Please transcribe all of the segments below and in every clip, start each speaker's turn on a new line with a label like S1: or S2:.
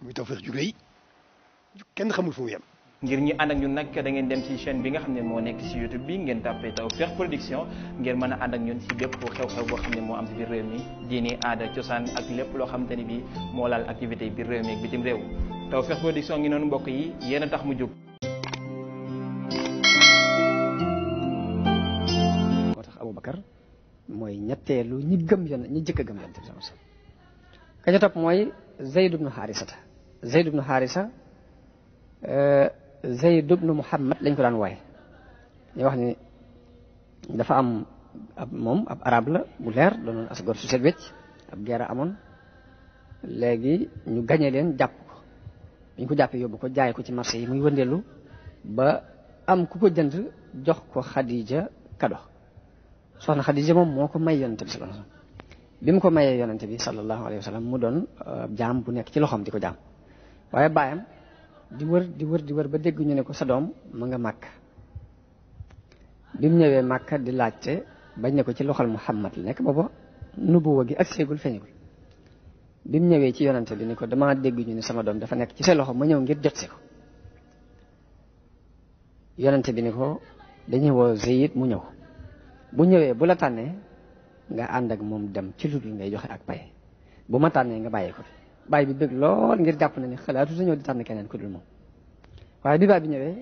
S1: muy Tawfekh ju rëy kenn xamul fu mu ngir ñi ànd ak ñun nag da ngeen dem ci chaîne bi nga xam ne moo nekk ci YouTube bi ngeen tàppee Tawfekh Production ngeen mën a ànd ak ñun ci bépp xew-xew boo xam ne moo am ci biir réew mi diini aada cosaan ak lépp loo xamante ni bi moo laal activité yi biir réew mi ak bitim réew Tawfekh Production ngi noonu mbokk yi yéen tax mu jóg. moo tax Aboubacar mooy ñetteelu ñi gëm yoon ñi jëkk gëm yoon. ka ca mooy zeyd ibnu xaarisa euh, zeyd ibnu muhammad lañ ko daan wooye ñu wax ni dafa am ab moom ab arab la bu leer doonoon asgor su set wecc ab geera amoon léegi ñu gañe leen jàpp ko ñu ko jàppee yóbbu ko jaay ko ci marché yi muy wëndeelu ba am ku ko jënd jox ko xadija kado soxna xadija moom moo ko may yonente bi sallallahu alayhi wa sallam bi mu ko mayee yonente bi sallallahu alayhi wa sallam mu doon euh, jaam bu nekk ci loxoom di ko jaam waaye baayam di wër di wër di wër ba dégg ñu ne ko sa doom mu nga màkk bi mu ñëwee màkk di laajte bañ ne ko ci loxol Muhammad la nekk booba nubuwa gi ak séegul feeñagul bi ñëwee ci yonante bi ni ko damaa dégg ñu ne sama doom dafa nekk ci sa loxo ma ñëw ngir jot si ko yonante bi ni ko dañuy woo Zayd mu ñëw bu ñëwee bu la tànnee nga ànd ak moom dem ci lu dul ngay joxe ak pay bu ma tànnee nga bàyyee ko fi baay bi bëgg lool ngir jàpp na ne xalaatu sa ñëw di tànn keneen ku dul moom waaye bi baay bi ñëwee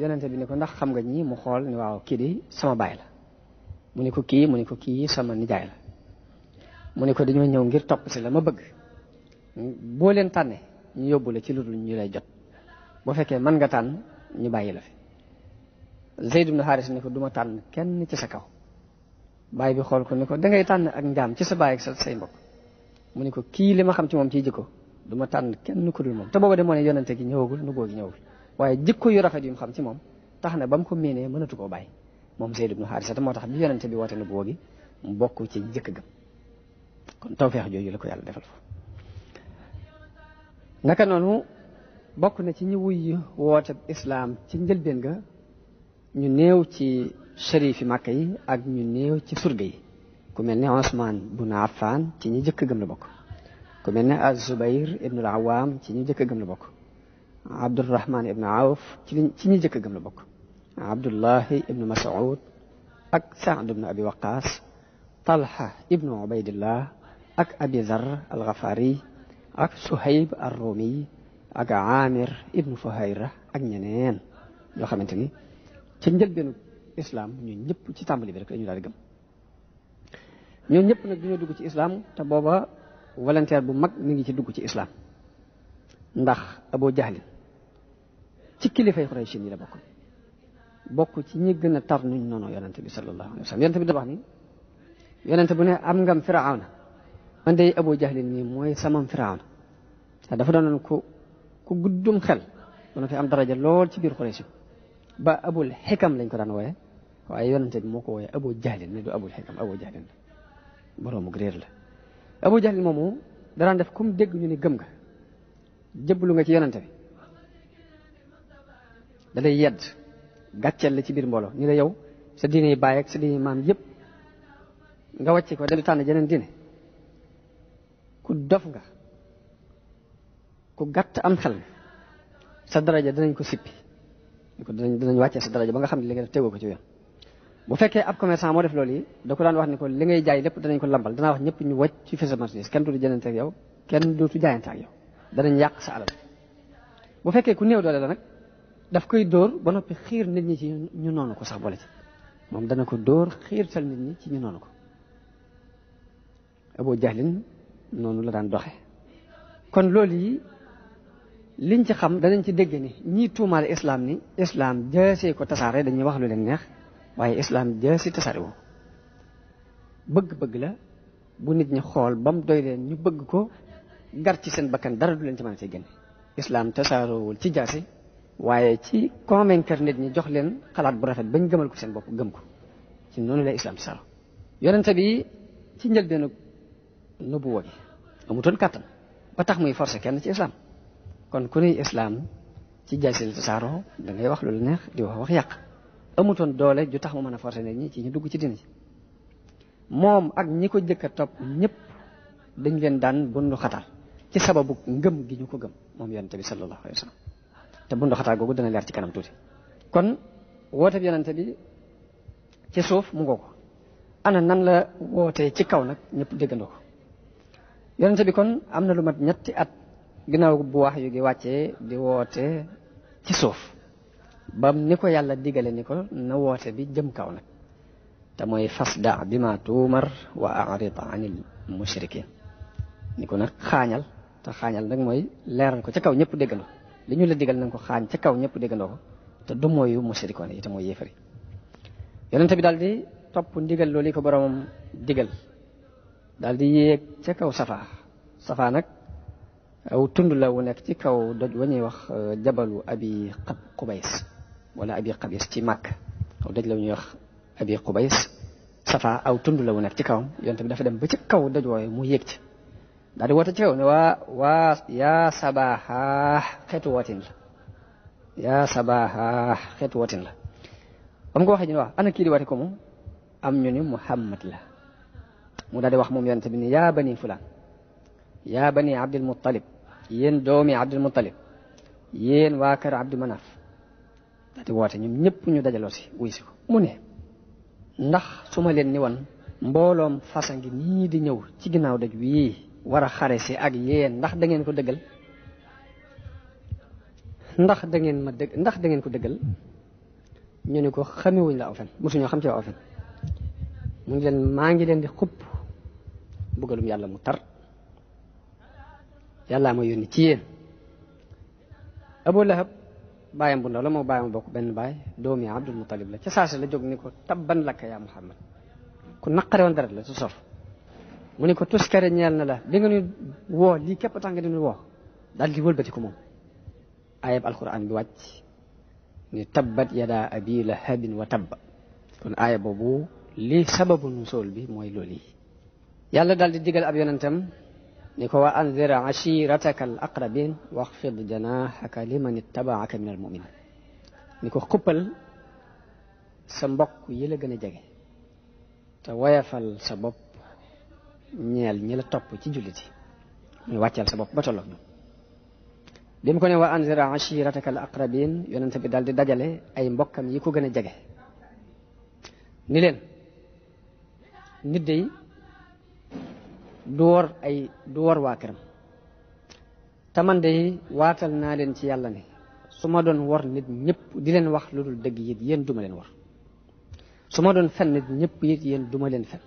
S1: yonente bi ne ko ndax xam nga ñi mu xool ne waaw kii di sama baay la mu ne ko kii mu ne ko kii sama nijaay la mu ne ko dañoo ñëw ngir topp si la ma bëgg boo leen tànnee ñu yóbbu la ci lu ñu lay jot boo fekkee man nga tànn ñu bàyyi la fi Zayd ibn Haris ne ko duma tànn kenn ci sa kaw baay bi xool ko ne ko dangay tànn ak njaam ci sa baay ak sa say mbokk mu ne ko kii li ma xam ci moom ciy jikko du ma tànn kenn ku dul moom te booba de moo ne yonente gi ñëwagul nu góor gi ñëwagul waaye jikko yu rafet yu mu xam ci moom tax na ba mu ko miinee mënatu koo bàyyi moom Zayd ibnu Haarisa te moo tax bi yonente bi woote nu góor mu bokk ci jëkk gëm kon tawfeex jooju la ko yàlla defal fa naka noonu bokk na ci ñi wuy woote islaam ci njëlbeen ga ñu néew ci sharif yi màkk yi ak ñu néew ci surga yi ku mel ne Usmaan bun Affan ci ñi jëkk gëm la bokk ku mel ne Az-Zubayr ibn al-Awwam ci ñi jëkk gëm la bokk Abdurrahman ibn Awf ci ci ñi jëkk gëm la bokk Abdullahi ibn Mas'ud ak Sa'd ibn Abi Waqqas Talha ibn Ubaydillah ak Abi Zarr al-Ghafari ak Suhayb ar-Rumi ak Amir ibn Fuhayra ak ñeneen yoo xamante ni ci njëlbeenu islam ñu ñëpp ci tàmbali bi rek la ñu daal di gëm ñun ñëpp nag dañoo dugg ci islaam te booba volontaire bu mag mi ngi ci dugg ci islam ndax Abu Jahl ci kilifay Quraysh yi la bokk bokk ci ñi gën a tar nuñ noonu yonente bi sallallahu alayhi wa sallam bi da ni yonente bu ne am ngam firawna man day Abu Jahl nii mooy samam firawna te dafa doonoon ku ku guddum xel doon fi am daraja lool ci biir Quraysh ba abul xikam lañ ko daan wooye waaye yonente bi moo ko wooye Abu Jahl ne du abul xikam Abu Jahl boroomu réer la abu jahal moomu daraan def comme dégg ñu ni gëm nga jëblu nga ci yonante bi da lay yedd gàcceel la ci biir mbooloo ñu la yow sa diine baay ak sa diine maam yëpp nga wàccee ko dem tànn jeneen diine ku dof nga ku gàtt am xel sa daraja danañ ko sippi ko danañ danañ wàccee sa daraja ba nga xam ne li nga def tegoo ko ci yoon bu fekkee ab commerçant moo def loolu yi da ko daan wax ni ko li ngay jaay lépp danañ ko lambal danaa wax ñëpp ñu wàcc ci fi sa marchandise kenn dootu jëndante ak yow kenn dootu jaayante ak yow danañ yàq sa alal bu fekkee ku new doole la nag daf koy dóor ba noppi xiir nit ñi ci ñu noonu ko sax boole ci moom dana ko dóor xiir xiirtal nit ñi ci ñu noonu ko Abu Jahlin noonu la daan doxe kon loolu yi liñ ci xam danañ ci dégg ni ñii tuumaale islam ni islam jaasee ko tasaare dañuy wax lu leen waaye islam jaa si tasaaroo bëgg-bëgg la bu nit ñi xool ba mu doy leen ñu bëgg ko gar ci seen bakkan dara du leen ci mën a see génne islam tasaaroowul ci jaasi waaye ci convaincre nit ñi jox leen xalaat bu rafet bañ gëmal ko seen bopp gëm ko ci noonu lay islam tasaaroo yonente yi ci njëlbeenu nubuwa gi amutoon kàttan ba tax muy forcer kenn ci islam kon ku nuy islam ci jaasi la tasaaroo da wax lu la neex di wax wax yàq amutoon doole ju tax mu man a forcer nit ñi ci ñu dugg ci dina ci moom ak ñi ko jëkk a topp ñëpp dañ leen daan bundu xataal ci sababu ngëm gi ñu ko gëm moom yonente bi sallallahu alayhi te bundu xataal googu dana leer ci kanam tuuti kon woote bi yonente ci suuf mu ngoo ko ana nan la wootee ci kaw nag ñëpp déggandoo ko yonente bi kon am na lu mat ñetti at ginnaaw bu wax yu gi wàccee di woote ci suuf ba ni ko yàlla digale ni ko na woote bi jëm kaw nag te mooy fasda bi ma tuumar wa arid anil mushrikin ni ko nag xaañal te xaañal nag mooy leeral ko ca kaw ñëpp déggandoo li ñu la digal na ko xaañ ca kaw ñëpp déggandoo ko te du mooyu mushrikoon yi te mooy yéefari yonente bi daal di topp ndigal loolu ko boromam digal daal di yéeg ca kaw safaa safaa nag aw tund la wu nekk ci kaw doj wa ñuy wax euh, jabalu abi xab wala abi qabays ci màkk aw daj la ñuy wax abi qubays safa aw tund la wu nekk ci kawam yonte bi dafa dem ba ci kaw daj mu yéeg ci daal di woote ci kaw ne la yaa sabaha xeetu wootin la ko waxee ñu kii di woote ko moom am ñu ni muhammad la mu daal wax moom yonte bi ni yaa bani fulaan yaa bani abdul muttalib yéen doomi abdul muttalib yéen waa kër manaf daal di woote ñoom ñëpp ñu dajaloo si wuy si ko mu ne ndax su ma leen ni woon mbooloom fasa ngi nii di ñëw ci ginnaaw daj wii war a xare si ak yéen ndax dangeen ko dëggal ndax da ngeen ma dëgg ndax dangeen ko dëggal ñu ne ko xamewuñ la aw fen mosuñoo xam ci aw mu ngi leen maa ngi leen di xupp bëggalum yàlla mu tar yàllaa ma yónni ci yéen Abu Lahab bàyyam bu ndaw la moo bàyyam bokk benn baay doomi Abdul Muttalib la ca saasi la jóg ni ko tabban lakka yaa Muhammad ku naqare woon la su sof mu ni ko tuskare ñeel na la li nga woo lii képp tax nga di nu woo daal di wëlbati ko moom ayab alquran bi wàcc ni tabbat yadaa abi lahabin wa tabba kon aaya boobu li sababu nusool bi mooy loolu yi yàlla daal di digal ab yonentam ni ko wa anzir ashirataka al aqrabin waxfid janaahaka liman ittabaaka min al muminin ni ko xuppal sa mbokk yi la gën a jege te woyafal sa bopp ñeel ñi la topp ci julliti muy wàcceel sa bopp ba tolloog ñoom bi mu ko ne wa anzir ashirataka al aqrabin yonente bi daal di dajale ay mbokkam yi ko gën a jege ni leen nit day du wor ay du wor waa këram te man waatal naa leen ci yàlla ne su ma doon wor nit ñëpp di leen wax lu dul dëgg yit yéen duma leen wor su ma doon fen nit ñëpp yit yéen duma leen fen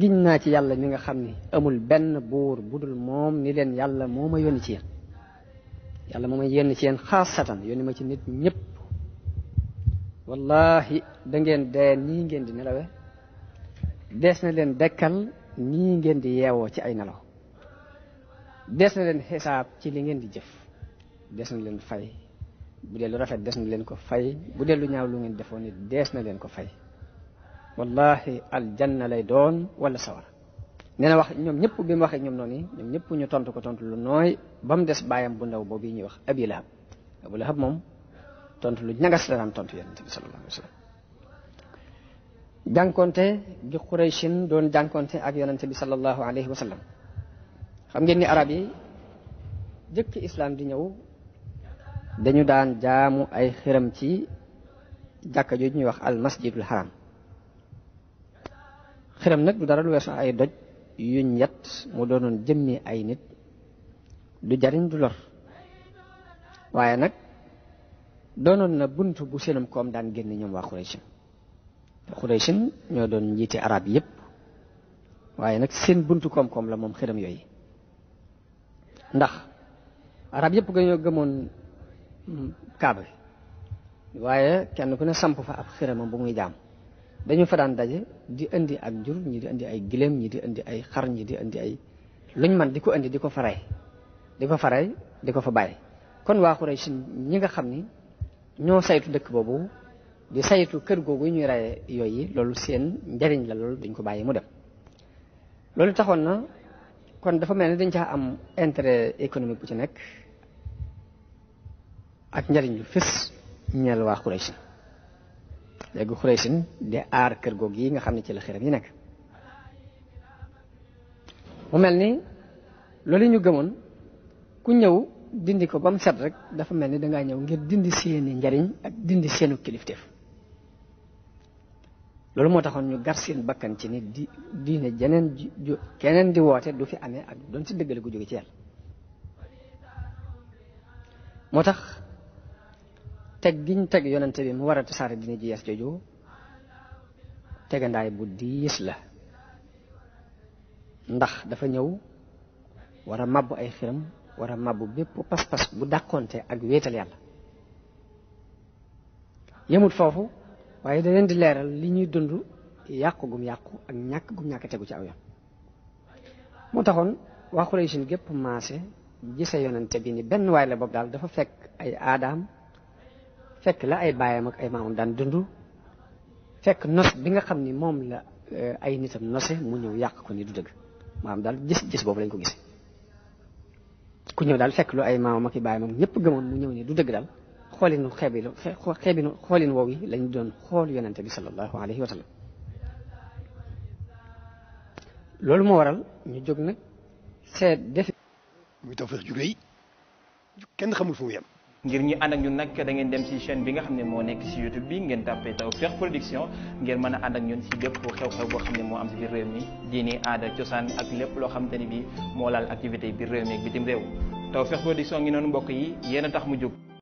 S1: giñ naa ci yàlla mi nga xam ni amul benn buur bu dul moom ni leen yàlla moo ma yónni ci yéen yàlla moo ma yónni ci yéen xaasatan yónni ma ci nit ñëpp wallahi da ngeen dee nii ngeen di nelawe dees na leen dekkal nii ngeen di yeewoo ci ay nelaw des na leen xisaab ci li ngeen di jëf des na leen fay bu dee lu rafet des na leen ko fay bu dee lu ñaaw lu ngeen defoon it dees na leen ko fay wallahi aljanna lay doon wala sawara nee na wax ñoom ñëpp bi mu waxee ñoom noonu ñoom ñëpp ñu tontu ko tontu lu nooy ba mu des baayam bu ndaw boobu yi ñuy wax abi lahab abu lahab moom tontu lu ñagas la daan tontu yonent bi sallallahu alayhi jànkonte gi Qurayshin doon jànkonte ak yonente bi sallallahu alayhi wa xam ngeen ni arab yi jëkk islam di ñëw dañu daan jaamu ay xiram ci jàkka jooju ñuy wax al masjidul haram xiram nag du dara lu weesu ay doj yuñ yet mu doonoon jëmmi ay nit du jariñ du lor waaye nag doonoon na bunt bu seenum koom daan génn ñoom waa Quraysh Xuraysin ñoo doon njiite arab yëpp waaye nag seen buntu koom-koom la moom xiram yooyu ndax arab yëpp ga ñoo gëmoon kaaba waaye kenn ku ne samp fa ab xiramam bu muy jaam dañu fa daan daje di indi ak jur ñi di indi ay giléem ñi di indi ay xar ñi di indi ay luñ man di ko indi di ko fa rey di ko fa rey di ko fa bàyyi kon waa Xuraysin ñi nga xam ni ñoo saytu dëkk boobu di saytu kër googu ñuy raye yooyu loolu seen njariñ la loolu duñ ko bàyyi mu dem loolu taxoon na kon dafa mel ni dañ caa am intérêt économique bu ci nekk ak njariñ lu fës ñeel waa Xuraysin léegi Xuraysin di aar kër googu yi nga xam ne ci la xiram yi nekk mu mel ni loolu ñu gëmoon ku ñëw dindi ko ba set rek dafa mel ni dangaa ñëw ngir dindi seeni njariñ ak dindi seenu kilifteef loolu moo taxoon ñu gar seen bakkan ci nit di diine jeneen ju keneen di woote du fi amee ak doon si dëggale gu jóge ci yàlla moo tax teg giñ teg yonente bi mu war a tasaare diine ji yees jooju tegandaay bu diis la ndax dafa ñëw wara a màbb ay xiram war a màbb bépp pas-pas bu dàqonte ak wéetal yàlla yemut foofu waaye da leen di leeral li ñuy dund yàqu gum yàqu ak ñàkk gum ñàkk tegu ci aw yoon moo taxoon waa Quraysh gépp maase gisee yonante bi ni benn waay la boobu daal dafa fekk ay aadaam fekk la ay baayam ak ay maamam daan dund fekk nos bi nga xam ni moom la euh, ay nitam nose mu ñëw yàq ko ni du dëgg maanaam daal gis gis boobu lañ ko gise ku ñëw daal fekk lu ay maamam ak i baayam ak ñëpp gëmoon mu ñëw nii du dëgg daal xoolinu xeebinu xeebinu xoolin woowu yi lañu doon xool yonente bi sallallahu alayhi wa sallam loolu moo waral ñu jóg nag seet def muy Tawfekh ju rëy kenn xamul fu mu yem ngir ñu ànd ak ñun nag da ngeen dem ci chaîne bi nga xam ne moo nekk ci YouTube bi ngeen tàppee Tawfekh Production ngeen mën a ànd ak ñun ci bépp xew-xew boo xam ne moo am ci biir réew mi diini aada cosaan ak lépp loo xamante ni bi moo laal activité biir réew mi ak bitim réew Tawfekh Production ngi noonu mbokk yi yéen a tax mu jóg